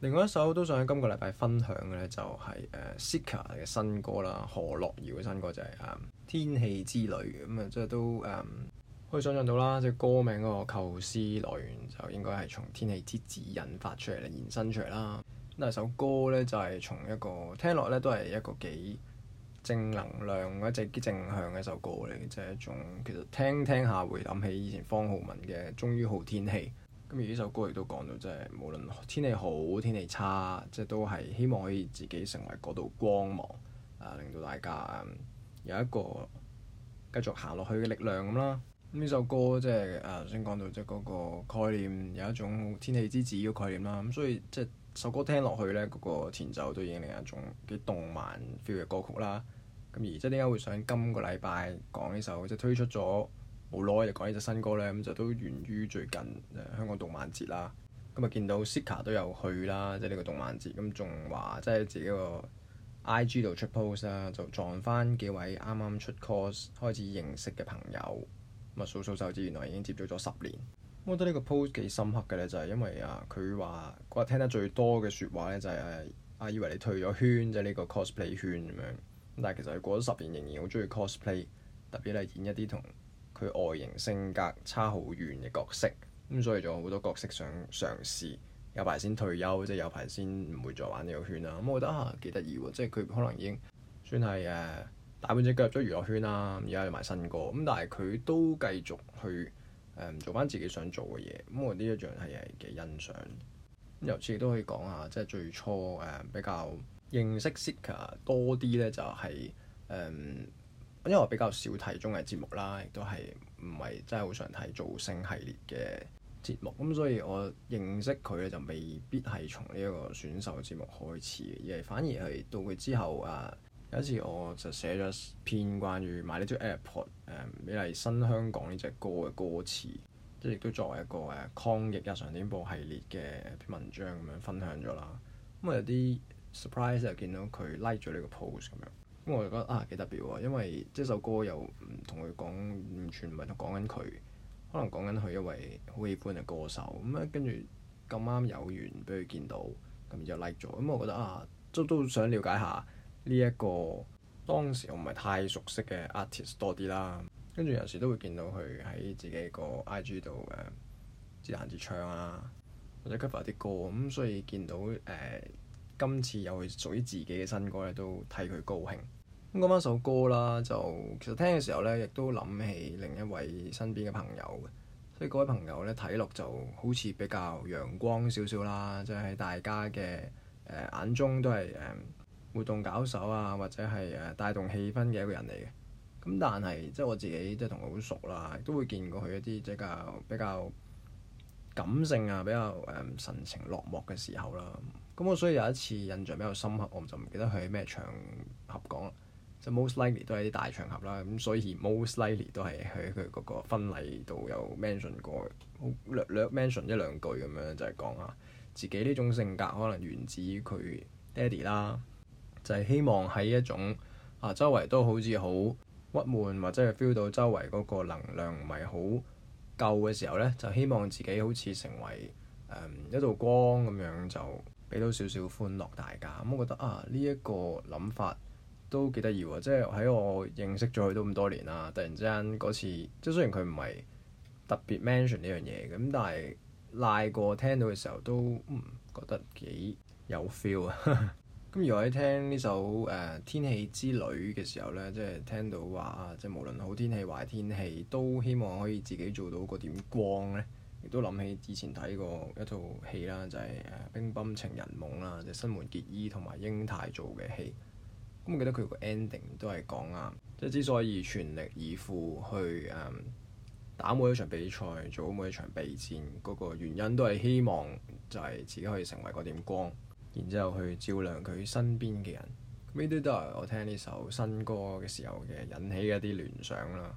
另外一首都想喺今個禮拜分享嘅咧、就是，就係誒 Seeker 嘅新歌啦，何洛瑤嘅新歌就係、是《啊、um, 天氣之女》咁、嗯、啊，即、就、係、是、都誒、um, 可以想象到啦，即、就、係、是、歌名嗰個構思來源就應該係從「天氣之子」引發出嚟咧，延伸出嚟啦。咁首歌咧就係從一個聽落咧都係一個幾正能量、一隻幾正向嘅一首歌嚟嘅，即、就、係、是、一種其實聽聽下會諗起以前方皓玟嘅《終於好天氣》。咁而呢首歌亦都講到，即係無論天氣好天氣差，即係都係希望可以自己成為嗰道光芒，啊令到大家、嗯、有一個繼續行落去嘅力量咁啦。咁、啊、呢首歌即係頭先講到即係嗰個概念，有一種天氣之子嘅概念啦。咁、啊、所以即係、就是、首歌聽落去咧，嗰、那個前奏都已經另一種幾動漫 feel 嘅歌曲啦。咁、啊、而即係點解會想今個禮拜講呢首，即係推出咗？冇耐就講呢隻新歌咧，咁就都源於最近誒、就是、香港動漫節啦。咁啊，見到 Sika 都有去啦，即係呢個動漫節咁，仲話即係自己個 I G 度出 post 啦，就撞翻幾位啱啱出 cos 開始認識嘅朋友，咪數數手指，原來已經接觸咗十年。我覺得呢個 post 幾深刻嘅咧，就係、是、因為啊，佢話嗰日聽得最多嘅説話咧，就係、是、啊，以為你退咗圈就呢、是、個 cosplay 圈咁樣，但係其實佢過咗十年仍然好中意 cosplay，特別係演一啲同佢外形性格差好遠嘅角色，咁、嗯、所以仲有好多角色想嘗試，有排先退休，即係有排先唔會再玩呢個圈啦。咁、嗯、我覺得啊幾得意喎，即係佢可能已經算係誒、呃、大半隻腳入咗娛樂圈啦，而家有埋新歌，咁、嗯、但係佢都繼續去誒、嗯、做翻自己想做嘅嘢。咁、嗯、我呢一樣係係幾欣賞。咁由此亦都可以講下，即係最初誒、呃、比較認識 Seeker 多啲咧、就係，就係誒。因為我比較少睇綜藝節目啦，亦都係唔係真係好常睇造星系列嘅節目，咁所以我認識佢咧就未必係從呢一個選秀節目開始嘅，而係反而係到佢之後啊，有一次我就寫咗篇關於 My Little Airport 誒，美麗、嗯、新香港呢隻歌嘅歌詞，即係亦都作為一個誒抗疫日常點播系列嘅篇文章咁樣分享咗啦。咁啊有啲 surprise 就見到佢 like 咗呢個 post 咁樣。咁我就覺得啊幾特別喎，因為即首歌又唔同佢講，完全唔係講緊佢，可能講緊佢一位好喜歡嘅歌手。咁、嗯、咧跟住咁啱有緣俾佢見到，咁、嗯、就 like 咗。咁、嗯、我覺得啊，都都想了解下呢、這、一個當時我唔係太熟悉嘅 artist 多啲啦。跟住有時都會見到佢喺自己個 IG 度誒、啊、自彈自唱啊，或者 cover 啲歌咁、嗯，所以見到誒。呃今次又係屬於自己嘅新歌咧，都替佢高興。咁講翻首歌啦，就其實聽嘅時候咧，亦都諗起另一位身邊嘅朋友嘅。所以嗰位朋友咧睇落就好似比較陽光少少啦，即係大家嘅誒眼中都係誒活動搞手啊，或者係誒帶動氣氛嘅一個人嚟嘅。咁但係即係我自己即係同佢好熟啦，都會見過佢一啲即係比較感性啊，比較誒神情落寞嘅時候啦。咁我、嗯、所以有一次印象比較深刻，我就唔記得佢喺咩場合講啦。就 most likely 都係啲大場合啦，咁所以 most likely 都係喺佢嗰個婚禮度有 mention 過，略略 mention 一兩句咁樣就係講啊自己呢種性格可能源自於佢 daddy 啦，就係、是、希望喺一種啊周圍都好似好鬱悶，或者係 feel 到周圍嗰個能量唔係好夠嘅時候咧，就希望自己好似成為誒、嗯、一道光咁樣就。俾到少少歡樂大家，咁我覺得啊呢一個諗法都幾得意喎，即係喺我認識咗佢都咁多年啦，突然之間嗰次即係雖然佢唔係特別 mention 呢樣嘢，咁但係賴過聽到嘅時候都嗯覺得幾有 feel 啊。咁 如果喺聽呢首誒、呃《天氣之女》嘅時候呢，即係聽到話即係無論好天氣壞天氣，都希望可以自己做到個點光呢。亦都諗起之前睇過一套戲啦，就係、誒《乒乓情人夢》啦，就新垣結衣同埋英泰做嘅戲。咁我記得佢個 ending 都係講啊，即係之所以全力以赴去誒打每一場比賽，做每一場備戰嗰、那個原因，都係希望就係自己可以成為嗰點光，然之後去照亮佢身邊嘅人。呢啲都係我聽呢首新歌嘅時候嘅引起一啲聯想啦。